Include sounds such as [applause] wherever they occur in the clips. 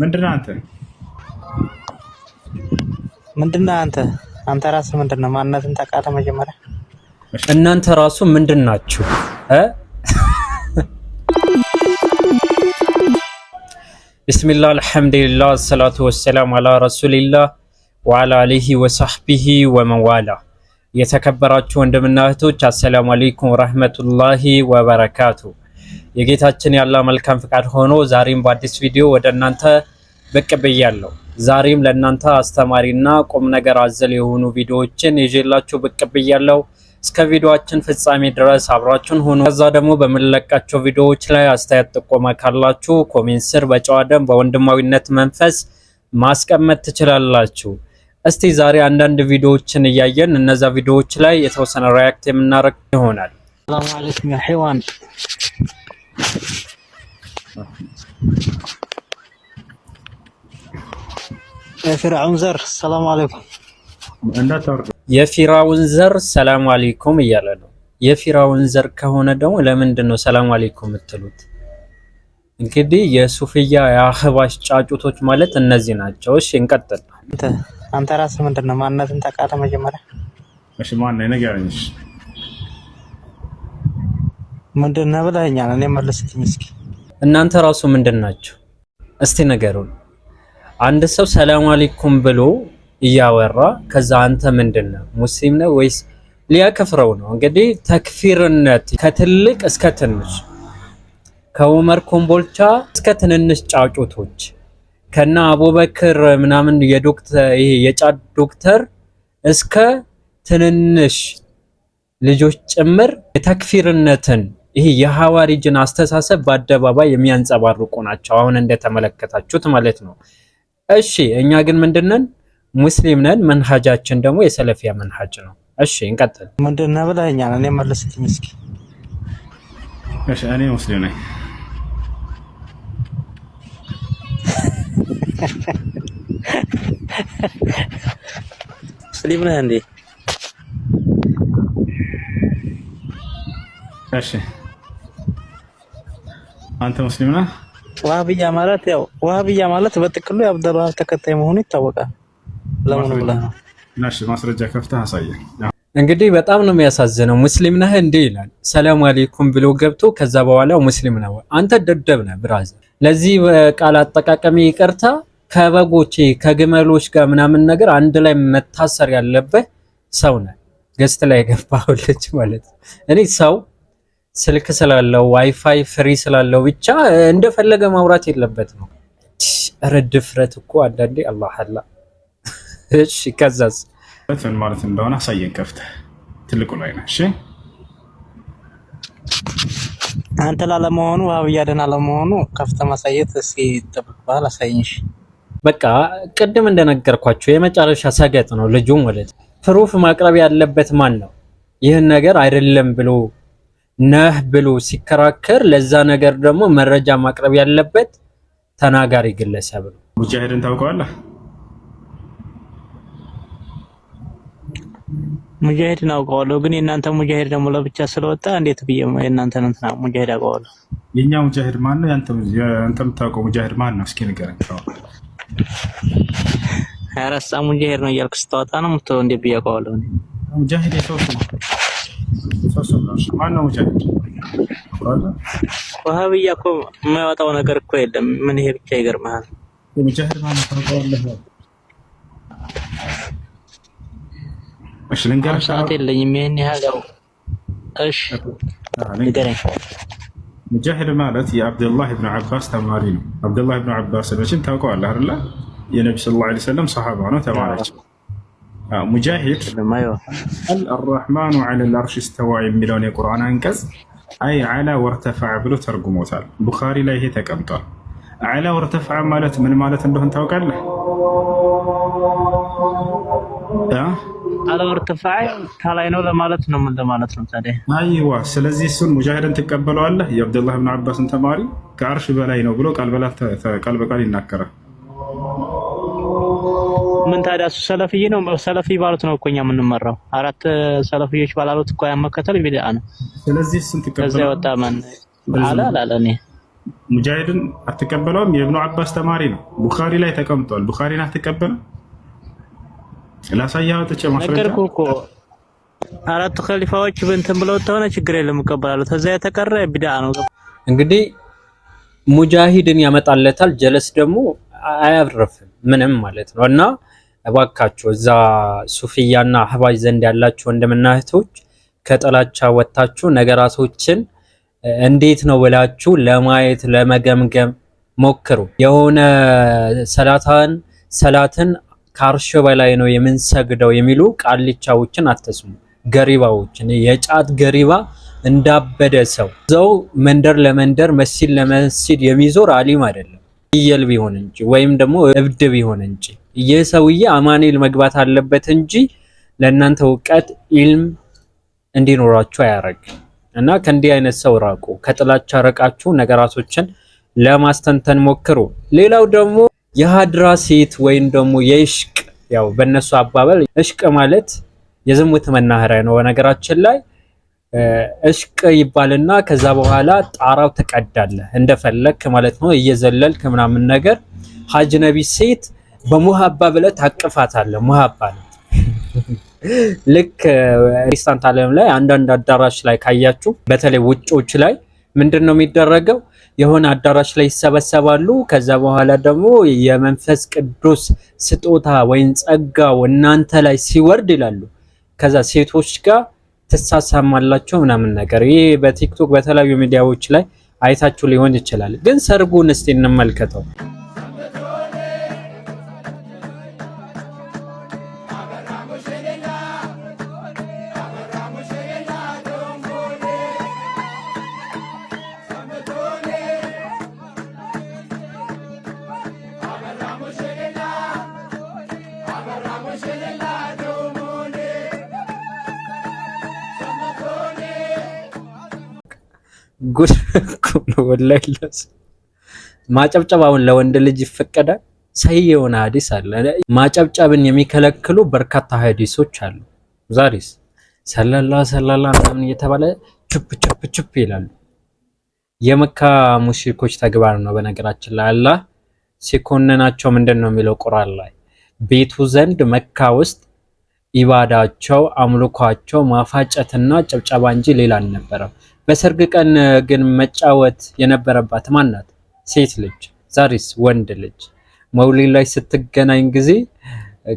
ምንድን አንተ? አንተ? አንተ ራስህ ምንድን ነው? ማንነትን መጀመሪያ እናንተ ራሱ ምንድን ናችሁ? ብስሚላህ አልሐምዱሊላህ አሰላቱ ወሰላም አላ ረሱሊላህ ወአላ አሊሂ ወሳህቢሂ ወመንዋላ። የተከበራችሁ ወንድምና እህቶች አሰላሙ አለይኩም ወረህመቱላሂ ወበረካቱሁ የጌታችን ያለ መልካም ፍቃድ ሆኖ ዛሬም በአዲስ ቪዲዮ ወደ እናንተ ብቅ ብያለሁ። ዛሬም ለእናንተ አስተማሪና ቁም ነገር አዘል የሆኑ ቪዲዮዎችን ይዤላችሁ ብቅ ብያለሁ። እስከ ቪዲዮአችን ፍጻሜ ድረስ አብራችሁን ሆኖ ከዛ ደግሞ በምንለቃቸው ቪዲዮዎች ላይ አስተያየት ጥቆማ ካላችሁ ኮሜንት ስር በጨዋ ደም በወንድማዊነት መንፈስ ማስቀመጥ ትችላላችሁ። እስቲ ዛሬ አንዳንድ ቪዲዮዎችን እያየን እነዛ ቪዲዮዎች ላይ የተወሰነ ሪያክት የምናደርግ ይሆናል። ሰላም አለይኩም ሔዋን የፊራውን ዘር ሰላም አለይኩም የፊራውን ዘር ሰላም አለይኩም እያለ ነው። የፊራውን ዘር ከሆነ ደግሞ ለምንድን ነው ሰላም አለይኩም የምትሉት? እንግዲህ የሱፍያ የአህባሽ ጫጩቶች ማለት እነዚህ ናቸው። እሺ እንቀጥል። አንተ ራስህ ምንድን ነው ማንነትን ተቃለ መጀመሪያ እሺ ማን ምንድን ነህ ብለኸኛል። እኔ መልስልኝ እስኪ። እናንተ ራሱ ምንድን ናችሁ? እስቲ ነገሩን። አንድ ሰው ሰላም አለይኩም ብሎ እያወራ ከዛ አንተ ምንድን ነው ሙስሊም ነው ወይስ ሊያከፍረው ነው። እንግዲህ ተክፊርነት ከትልቅ እስከ ትንሽ ከኡመር ኮምቦልቻ እስከ ትንንሽ ጫጩቶች ከና አቡበክር ምናምን የዶክተር ይሄ የጫት ዶክተር እስከ ትንንሽ ልጆች ጭምር የተክፊርነትን ይሄ የሐዋርጅን አስተሳሰብ በአደባባይ የሚያንጸባርቁ ናቸው። አሁን እንደተመለከታችሁት ማለት ነው። እሺ እኛ ግን ምንድነን? ሙስሊም ነን። መንሃጃችን ደግሞ የሰለፊያ መንሃጅ ነው። እሺ እንቀጥል። ምንድነው ብለኸኛል? ነን የመለስት ምስኪ እሺ እኔ ሙስሊም ነኝ። ሙስሊም ነህ እንዴ? እሺ አንተ ሙስሊም ነህ? ዋህብያ ማለት ያው ዋህብያ ማለት በጥቅሉ የአብደልዋሃብ ተከታይ መሆኑ ይታወቃል። ለምን ብላ ማስረጃ ከፍተህ አሳየን። እንግዲህ በጣም ነው የሚያሳዝነው። ሙስሊም ነህ እንዴ ይላል። ሰላም አለይኩም ብሎ ገብቶ ከዛ በኋላ ሙስሊም ነው። አንተ ደደብ ነህ ብራዘር። ለዚህ ቃል አጠቃቀሚ ይቅርታ። ከበጎቼ ከግመሎች ጋር ምናምን ነገር አንድ ላይ መታሰር ያለበት ሰው ነህ። ገስት ላይ የገባው ልጅ ማለት እኔ ሰው ስልክ ስላለው ዋይፋይ ፍሪ ስላለው ብቻ እንደፈለገ ማውራት የለበትም። ኧረ ድፍረት እኮ አንዳንዴ አላህ አላ። እሺ ከዛስ ምን ማለት እንደሆነ አሳየን። ከፍተ ትልቁ ላይ ነው። እሺ አንተ ላለመሆኑ ዋብያደን አለመሆኑ ከፍተ ማሳየት እስኪ ይጠብቅብሃል። አሳይሽ። በቃ ቅድም እንደነገርኳቸው የመጨረሻ ሰገጥ ነው ልጁ ማለት። ፕሩፍ ማቅረብ ያለበት ማን ነው? ይህን ነገር አይደለም ብሎ ነህ ብሎ ሲከራከር ለዛ ነገር ደግሞ መረጃ ማቅረብ ያለበት ተናጋሪ ግለሰብ ነው። ሙጃሂድን ታውቀዋለህ? ሙጃሂድን አውቀዋለሁ፣ ግን የእናንተ ሙጃሂድ ደግሞ ለብቻ ስለወጣ እንዴት ብዬ የእናንተ እንትና ሙጃሂድ አውቀዋለሁ። የእኛ ሙጃሂድ ማን ነው? አንተ የምታውቀው ሙጃሂድ ማን ነው? እስኪ ንገረኝ። ያረሳ ሙጃሂድ ነው እያልክ ስታወጣ ነው ምትለው። እንዴት ብዬ አውቀዋለሁ ሙጃሂድ የሰው ማነው ቻለንጅ? ወሃብያ እኮ የማያወጣው ነገር እኮ የለም። ምን ይሄ ብቻ ይገርምሃል። ሙጃሂድ ማለት ታውቀዋለህ? እሺ ልንገርህ፣ ሰዓት የለኝም። ይሄን ያህል እሺ ንገረኝ። ሙጃሂድ ማለት ብን አባስ ተማሪ ነው። አብደላህ ብን አባስ መቼም ታውቀዋለህ አይደለ? የነቢ ላ ሰለም ሰሃባ ነው ተማሪያቸው ሙጃሂድ አልራሕማኑ ዐለል አርሽ እስተዋ የሚለውን የቁርአን አንቀጽ አይ ዐላ ወርተፈዐ ብሎ ተርጉሞታል። ቡኻሪ ላይ ይሄ ተቀምጧል። ዐላ ወርተፈዐ ማለት ምን ማለት እንደሆን ታውቃለህ? ዐላ ወርተፈዐ ከላይ አይዋ ስለዚህ እሱን ሙጃሂድን ትቀበለዋለህ። የአብዱላህ ብን አባስን ተማሪ ከአርሽ በላይ ነው ብሎ ቃል በቃል ይናገራል። ምን ታዲያ እሱ ሰለፍዬ ነው ሰለፊ ባሉት ነው እኮ እኛ የምንመራው። አራት ሰለፍዮች ባላሉት እኮ ያመከተል ቢድዓ ነው። ስለዚህ እሱን ትቀበላለህ። ከዚያ ወጣ ማን አለ አላለ እኔ ሙጃሂድን አትቀበለውም። የእብኑ አባስ ተማሪ ነው። ቡኻሪ ላይ ተቀምጧል። ቡኻሪን አትቀበለው ላሳያ ወጥቼ ማስረጃ ነገርኩህ እኮ አራቱ ከሊፋዎች እንትን ብለው ተሆነ ችግር የለም እቀበላለሁ። ከዛ የተቀረ ቢድዓ ነው። እንግዲህ ሙጃሂድን ያመጣለታል፣ ጀለስ ደግሞ አያረፍም ምንም ማለት ነው እና እባካችሁ እዛ ሱፍያና አህባሽ ዘንድ ያላችሁ ወንድምና እህቶች ከጥላቻ ወጥታችሁ ነገራቶችን እንዴት ነው ብላችሁ ለማየት ለመገምገም ሞክሩ። የሆነ ሰላታን ሰላትን ከአርሽ በላይ ነው የምንሰግደው የሚሉ ቃልቻዎችን አትስሙ። ገሪባዎችን የጫት ገሪባ እንዳበደ ሰው ዘው መንደር ለመንደር መስጂድ ለመስጂድ የሚዞር አሊም አይደለም። ይየል ቢሆን እንጂ ወይም ደግሞ እብድ ቢሆን እንጂ ይህ ሰውዬ አማኑኤል መግባት አለበት እንጂ ለእናንተ እውቀት ኢልም እንዲኖራችሁ አያደርግ እና ከእንዲህ አይነት ሰው ራቁ። ከጥላቻ ርቃችሁ ነገራቶችን ለማስተንተን ሞክሩ። ሌላው ደግሞ የሀድራ ሴት ወይም ደግሞ የእሽቅ ያው በእነሱ አባባል እሽቅ ማለት የዝሙት መናኸሪያ ነው። በነገራችን ላይ እሽቅ ይባልና ከዛ በኋላ ጣራው ትቀዳለህ እንደፈለክ ማለት ነው፣ እየዘለልክ ምናምን ነገር ሀጅነቢ ሴት በሙሀባ ብለህ ታቅፋታለህ። ሙሀባ ነው። ልክ ሪስታንት አለም ላይ አንዳንድ አዳራሽ ላይ ካያችሁ በተለይ ውጮች ላይ ምንድን ነው የሚደረገው? የሆነ አዳራሽ ላይ ይሰበሰባሉ። ከዛ በኋላ ደግሞ የመንፈስ ቅዱስ ስጦታ ወይም ጸጋው እናንተ ላይ ሲወርድ ይላሉ። ከዛ ሴቶች ጋር ትሳሳማላቸው ምናምን ነገር። ይህ በቲክቶክ በተለያዩ ሚዲያዎች ላይ አይታችሁ ሊሆን ይችላል። ግን ሰርጉን እስቲ እንመልከተው። ጉድ ነው። ወላሂ ማጨብጨብ አሁን ለወንድ ልጅ ይፈቀዳል? ሰሂ የሆነ ሀዲስ አለ። ማጨብጨብን የሚከለክሉ በርካታ ሀዲሶች አሉ። ዛሬስ ሰለላ ሰለላ ምናምን እየተባለ ቹፕ ቹፕ ቹፕ ይላሉ። የመካ ሙሽሪኮች ተግባር ነው። በነገራችን ላይ አላህ ሲኮነናቸው ምንድን ነው የሚለው ቁርአን ላይ ቤቱ ዘንድ መካ ውስጥ ኢባዳቸው አምልኳቸው ማፋጨትና ጨብጨባ እንጂ ሌላ አልነበረም። በሰርግ ቀን ግን መጫወት የነበረባት ማን ናት? ሴት ልጅ። ዛሬስ ወንድ ልጅ መውሊድ ላይ ስትገናኝ ጊዜ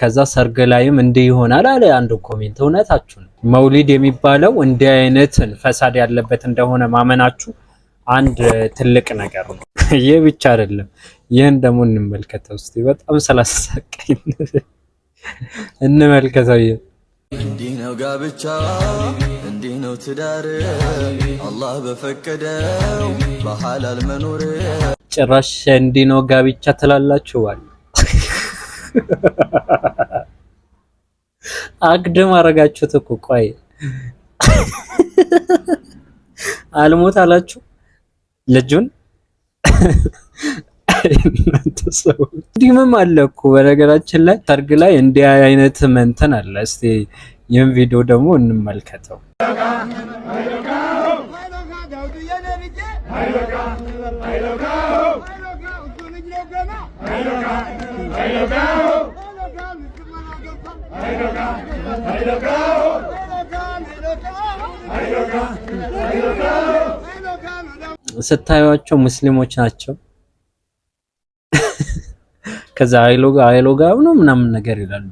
ከዛ ሰርግ ላይም እንዲህ ይሆናል አለ አንድ ኮሜንት። እውነታችሁ ነው። መውሊድ የሚባለው እንዲህ አይነትን ፈሳድ ያለበት እንደሆነ ማመናችሁ አንድ ትልቅ ነገር ነው። ይህ ብቻ አይደለም። ይህን ደግሞ እንመልከተው እስቲ። በጣም ስላሳቀኝ እንመልከተው። ይህ እንዲህ ነው ጋብቻ ነው ትዳር አላህ በፈቀደው በሐላል መኖር። ጭራሽ እንዲህ ነው ጋብቻ ትላላችኋል። አግድም አረጋችሁት እኮ ቆይ አልሞት አላችሁ ልጁን እንዲህም አለ እኮ በነገራችን ላይ ሰርግ ላይ እንዲህ አይነት መንተን አለ። እስቲ ይህም ቪዲዮ ደግሞ እንመልከተው። ስታዩቸው ሙስሊሞች ናቸው። [laughs] ከዛ አይሎጋ አይሎጋ ነው ምናምን ነገር ይላሉ።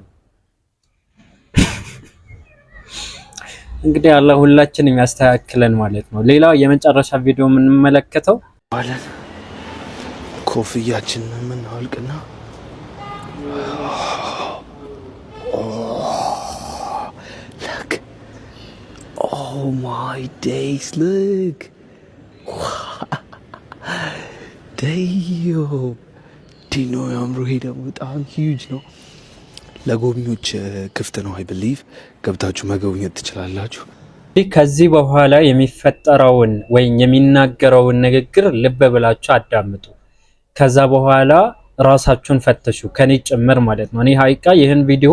እንግዲህ አላህ ሁላችን የሚያስተካክለን ማለት ነው። ሌላው የመጨረሻ ቪዲዮ የምንመለከተው ማለት ኮፍያችን የምናወልቅና ማይ ዴይስ ልክ ደዮ ዲኖ ያምሮ ሄደ በጣም ሂውጅ ነው። ለጎብኚዎች ክፍት ነው። አይ ብሊቭ ገብታችሁ መጎብኘት ትችላላችሁ። ከዚህ በኋላ የሚፈጠረውን ወይም የሚናገረውን ንግግር ልብ ብላችሁ አዳምጡ። ከዛ በኋላ ራሳችሁን ፈተሹ፣ ከኔ ጭምር ማለት ነው። እኔ ሀይቃ ይህን ቪዲዮ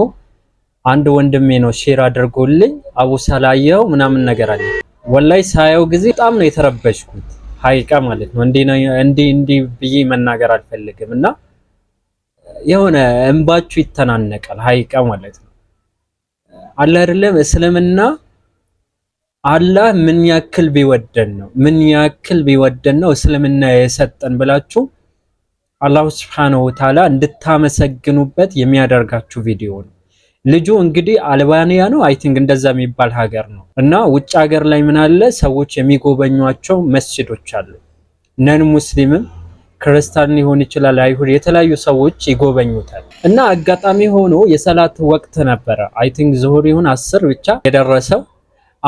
አንድ ወንድሜ ነው ሼር አድርጎልኝ አቡ ሰላየው ምናምን ነገር አለ። ወላይ ሳየው ጊዜ በጣም ነው የተረበሽኩት ሀይቃ ማለት ነው። እንዲህ እንዲህ ብዬ መናገር አልፈልግም እና የሆነ እንባችሁ ይተናነቃል። ሀይቀ ማለት ነው አለ አይደለም። እስልምና አላህ ምን ያክል ቢወደን ነው ምን ያክል ቢወደን ነው እስልምና የሰጠን ብላችሁ አላሁ ስብሐነሁ ወተዓላ እንድታመሰግኑበት የሚያደርጋችሁ ቪዲዮ ነው። ልጁ እንግዲህ አልባንያ ነው አይ ቲንክ እንደዛ የሚባል ሀገር ነው እና ውጭ ሀገር ላይ ምን አለ ሰዎች የሚጎበኟቸው መስጂዶች አሉ ነን ሙስሊምም ክርስቲያን ሊሆን ይችላል፣ አይሁድ፣ የተለያዩ ሰዎች ይጎበኙታል እና አጋጣሚ ሆኖ የሰላት ወቅት ነበረ። አይ ቲንክ ዙሁር ይሁን አስር ብቻ የደረሰው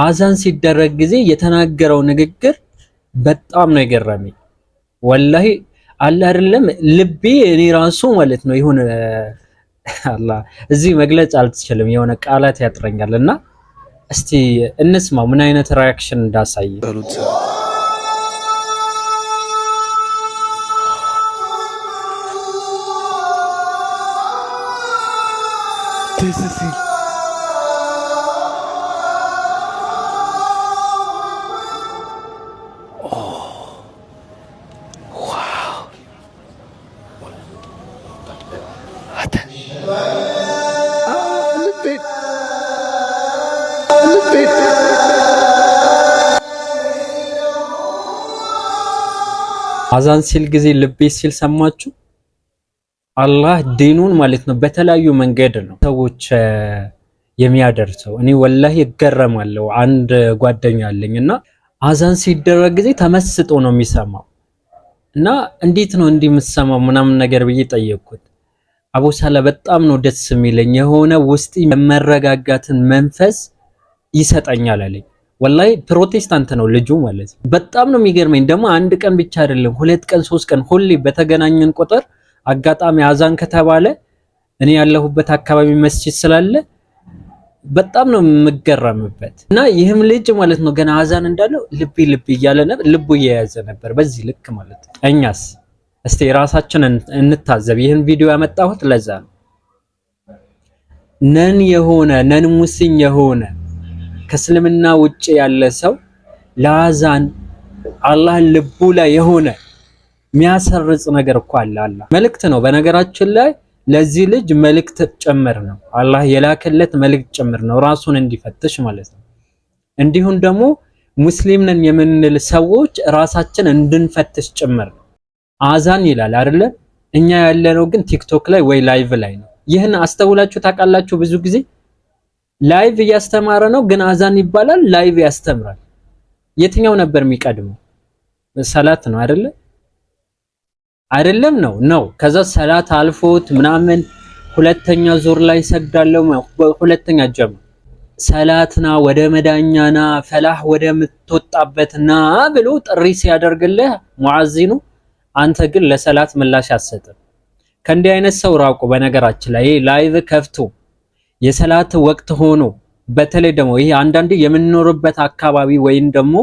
አዛን ሲደረግ ጊዜ የተናገረው ንግግር በጣም ነው የገረመኝ። ወላሂ አለ አይደለም ልቤ እኔ ራሱ ማለት ነው ይሁን አላህ እዚህ መግለጽ አልትችልም የሆነ ቃላት ያጥረኛል እና እስቲ እንስማው ምን አይነት ሪያክሽን እንዳሳየ አዛን ሲል ጊዜ ልቤ ሲል ሰማችሁ። አላህ ዲኑን ማለት ነው በተለያዩ መንገድ ነው ሰዎች የሚያደርሰው። እኔ ወላሂ ይገረማለሁ። አንድ ጓደኛ አለኝ እና አዛን ሲደረግ ጊዜ ተመስጦ ነው የሚሰማው እና እንዴት ነው እንዲህ የምትሰማው ምናምን ነገር ብዬ ጠየቅኩት። አቦ ሳላ በጣም ነው ደስ የሚለኝ የሆነ ውስጥ መረጋጋትን መንፈስ ይሰጠኛል አለኝ። ወላይ ፕሮቴስታንት ነው ልጁ ማለት ነው። በጣም ነው የሚገርመኝ። ደግሞ አንድ ቀን ብቻ አይደለም ሁለት ቀን፣ ሶስት ቀን፣ ሁሌ በተገናኘን ቁጥር አጋጣሚ አዛን ከተባለ እኔ ያለሁበት አካባቢ መስጂድ ስላለ በጣም ነው የምገረምበት። እና ይህም ልጅ ማለት ነው ገና አዛን እንዳለው ልቤ ልቤ እያለ ልቡ እየያዘ ነበር። በዚህ ልክ ማለት ነው። እኛስ እስቲ ራሳችን እንታዘብ። ይህን ቪዲዮ ያመጣሁት ለዛ ነው። ነን የሆነ ነን ሙስኝ የሆነ ከእስልምና ውጭ ያለ ሰው ለአዛን አላህን ልቡ ላይ የሆነ የሚያሰርጽ ነገር እኮ አለ። አላህ መልእክት ነው። በነገራችን ላይ ለዚህ ልጅ መልእክት ጭምር ነው። አላህ የላከለት መልእክት ጭምር ነው፣ ራሱን እንዲፈትሽ ማለት ነው። እንዲሁም ደግሞ ሙስሊም ነን የምንል ሰዎች ራሳችን እንድንፈትሽ ጭምር ነው። አዛን ይላል አይደለ? እኛ ያለነው ግን ቲክቶክ ላይ ወይ ላይቭ ላይ ነው። ይህን አስተውላችሁ ታውቃላችሁ ብዙ ጊዜ ላይቭ እያስተማረ ነው፣ ግን አዛን ይባላል። ላይቭ ያስተምራል። የትኛው ነበር የሚቀድመው? ሰላት ነው አይደለ? አይደለም ነው ነው። ከዛ ሰላት አልፎት ምናምን ሁለተኛ ዙር ላይ ሰግዳለው። ሁለተኛ ጀም ሰላትና ወደ መዳኛና ፈላህ ወደ ምትወጣበትና ብሎ ጥሪ ሲያደርግልህ ሙዓዚኑ፣ አንተ ግን ለሰላት ምላሽ አትሰጥም። ከእንዲህ አይነት ሰው ራቁ። በነገራችን ላይ ላይቭ ከፍቶ የሰላት ወቅት ሆኖ በተለይ ደግሞ ይሄ አንዳንዴ የምንኖርበት አካባቢ ወይም ደግሞ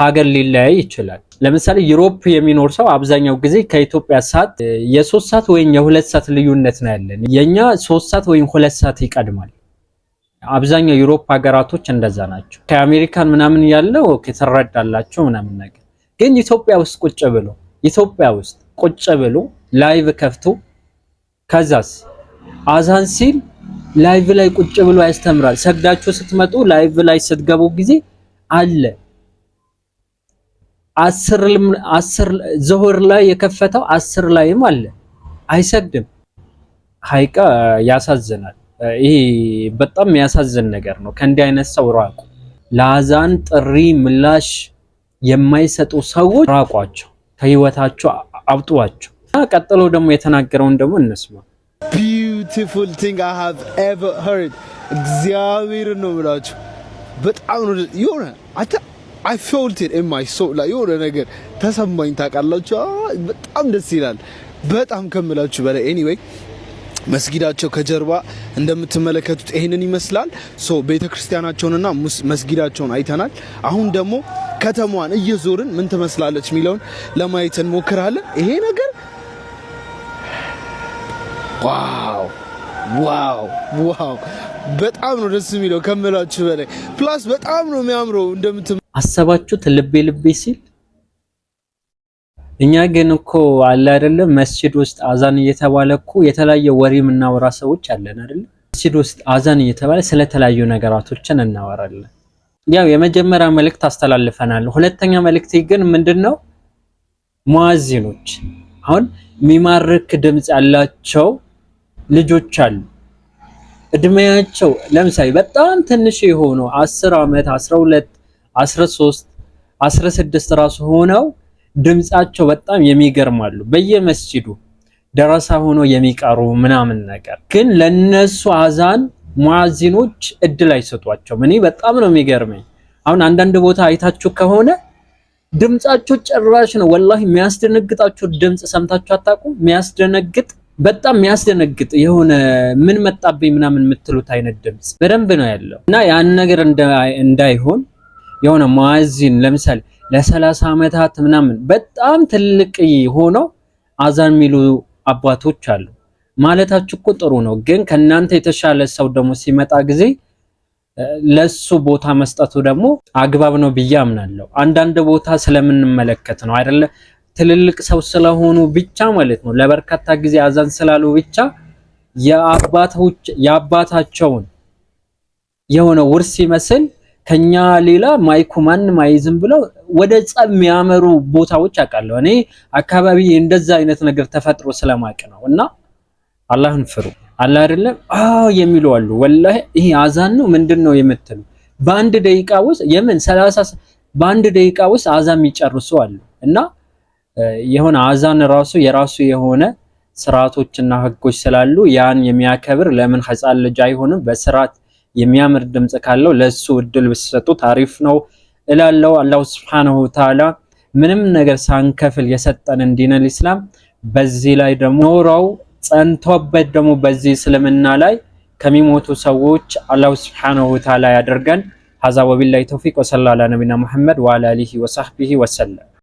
ሀገር ሊለያይ ይችላል። ለምሳሌ ዩሮፕ የሚኖር ሰው አብዛኛው ጊዜ ከኢትዮጵያ ሰዓት የሶስት ሰዓት ወይም የሁለት ሰዓት ልዩነት ነው ያለን። የኛ ሶስት ሰዓት ወይም ሁለት ሰዓት ይቀድማል። አብዛኛው ዩሮፕ ሀገራቶች እንደዛ ናቸው። ከአሜሪካን ምናምን ያለው ትረዳላቸው ምናምን ነገር ግን ኢትዮጵያ ውስጥ ቁጭ ብሎ ኢትዮጵያ ውስጥ ቁጭ ብሎ ላይቭ ከፍቶ ከዛስ አዛን ሲል ላይቭ ላይ ቁጭ ብሎ ያስተምራል። ሰግዳችሁ ስትመጡ ላይቭ ላይ ስትገቡ ጊዜ አለ። አስር ዙሁር ላይ የከፈተው አስር ላይም አለ። አይሰግድም። ሀይቀ ያሳዝናል። ይሄ በጣም የሚያሳዝን ነገር ነው። ከእንዲህ አይነት ሰው ራቁ። ለአዛን ጥሪ ምላሽ የማይሰጡ ሰዎች ራቋቸው፣ ከህይወታቸው አውጧቸው። ቀጥሎ ደግሞ የተናገረውን ደግሞ እነስማ ቢዩቲፉል ቲንግ አይ ሃቭ ኤቨር ሄርድ። እግዚአብሔርን ነው የምላችሁ። በጣም ነው የሆነ አይ ፌልት ኢን ማይ ሶል ላይ የሆነ ነገር ተሰማኝ። ታውቃላችሁ፣ በጣም ደስ ይላል። በጣም ከምላችሁ በላይ ኤኒዌይ መስጊዳቸው ከጀርባ እንደምትመለከቱት ይህንን ይመስላል። ሶ ቤተክርስቲያናቸውንና መስጊዳቸውን አይተናል። አሁን ደግሞ ከተማዋን እየዞርን ምን ትመስላለች የሚለውን ለማየት እንሞክራለን። ይሄ ነገር ዋው ዋው ዋው! በጣም ነው ደስ የሚለው ከምላችሁ በላይ ፕላስ በጣም ነው የሚያምረው። እንደምት አሰባችሁት ልቤ ልቤ ሲል እኛ ግን እኮ አለ አይደለም መስጂድ ውስጥ አዛን እየተባለ እኮ የተለያየ ወሬ የምናወራ ሰዎች አለን አይደለም። መስጂድ ውስጥ አዛን እየተባለ ስለተለያዩ ነገራቶችን እናወራለን። ያው የመጀመሪያ መልእክት አስተላልፈናል። ሁለተኛ መልእክቴ ግን ምንድን ነው ሙአዚኖች አሁን የሚማርክ ድምፅ ያላቸው ልጆች አሉ። እድሜያቸው ለምሳሌ በጣም ትንሽ የሆኑ 10 ዓመት 12 13 16 ራሱ ሆነው ድምጻቸው በጣም የሚገርማሉ በየመስጂዱ ደረሳ ሆኖ የሚቀሩ ምናምን ነገር ግን ለነሱ አዛን ሙአዚኖች እድል አይሰጧቸውም። እኔ በጣም ነው የሚገርመኝ። አሁን አንዳንድ ቦታ አይታችሁ ከሆነ ድምጻቸው ጭራሽ ነው ወላሂ የሚያስደነግጣችሁ ድምጽ ሰምታችሁ አታውቁም። የሚያስደነግጥ በጣም የሚያስደነግጥ የሆነ ምን መጣብኝ ምናምን የምትሉት አይነት ድምፅ በደንብ ነው ያለው እና ያን ነገር እንዳይሆን የሆነ መዋዚን ለምሳሌ ለሰላሳ ዓመታት ምናምን በጣም ትልቅ ሆነው አዛን የሚሉ አባቶች አሉ። ማለታችሁ እኮ ጥሩ ነው፣ ግን ከእናንተ የተሻለ ሰው ደግሞ ሲመጣ ጊዜ ለሱ ቦታ መስጠቱ ደግሞ አግባብ ነው ብዬ አምናለሁ። አንዳንድ ቦታ ስለምንመለከት ነው አይደለ? ትልልቅ ሰው ስለሆኑ ብቻ ማለት ነው ለበርካታ ጊዜ አዛን ስላሉ ብቻ የአባታቸውን የሆነ ውርስ ይመስል ከኛ ሌላ ማይኩ ማንም አይዝም ብለው ወደ ጸብ የሚያመሩ ቦታዎች አውቃለሁ። እኔ አካባቢ እንደዛ አይነት ነገር ተፈጥሮ ስለማቅ ነው። እና አላህን ፍሩ። አላህ አይደለም የሚሉ አሉ። ወላሂ ይሄ አዛን ነው ምንድን ነው የምትሉ በአንድ ደቂቃ ውስጥ የምን ሰላሳ በአንድ ደቂቃ ውስጥ አዛን የሚጨርሱ አሉ እና የሆነ አዛን ራሱ የራሱ የሆነ ስርዓቶችና ህጎች ስላሉ ያን የሚያከብር ለምን ህፃን ልጅ አይሆንም? በስርዓት የሚያምር ድምጽ ካለው ለሱ እድል ብትሰጡት ታሪፍ ነው እላለው። አላሁ ስብሓነሁ ተዓላ ምንም ነገር ሳንከፍል የሰጠን እንዲነል ኢስላም በዚህ ላይ ደግሞ ኖረው ጸንቶበት ደግሞ በዚህ እስልምና ላይ ከሚሞቱ ሰዎች አላሁ ስብሓነሁ ተዓላ ያደርገን። ሀዛ ወቢላሂ ተውፊቅ ወሰላ አላ ነቢና ሙሐመድ ወአላ አሊሂ ወሰህቢሂ ወሰለም።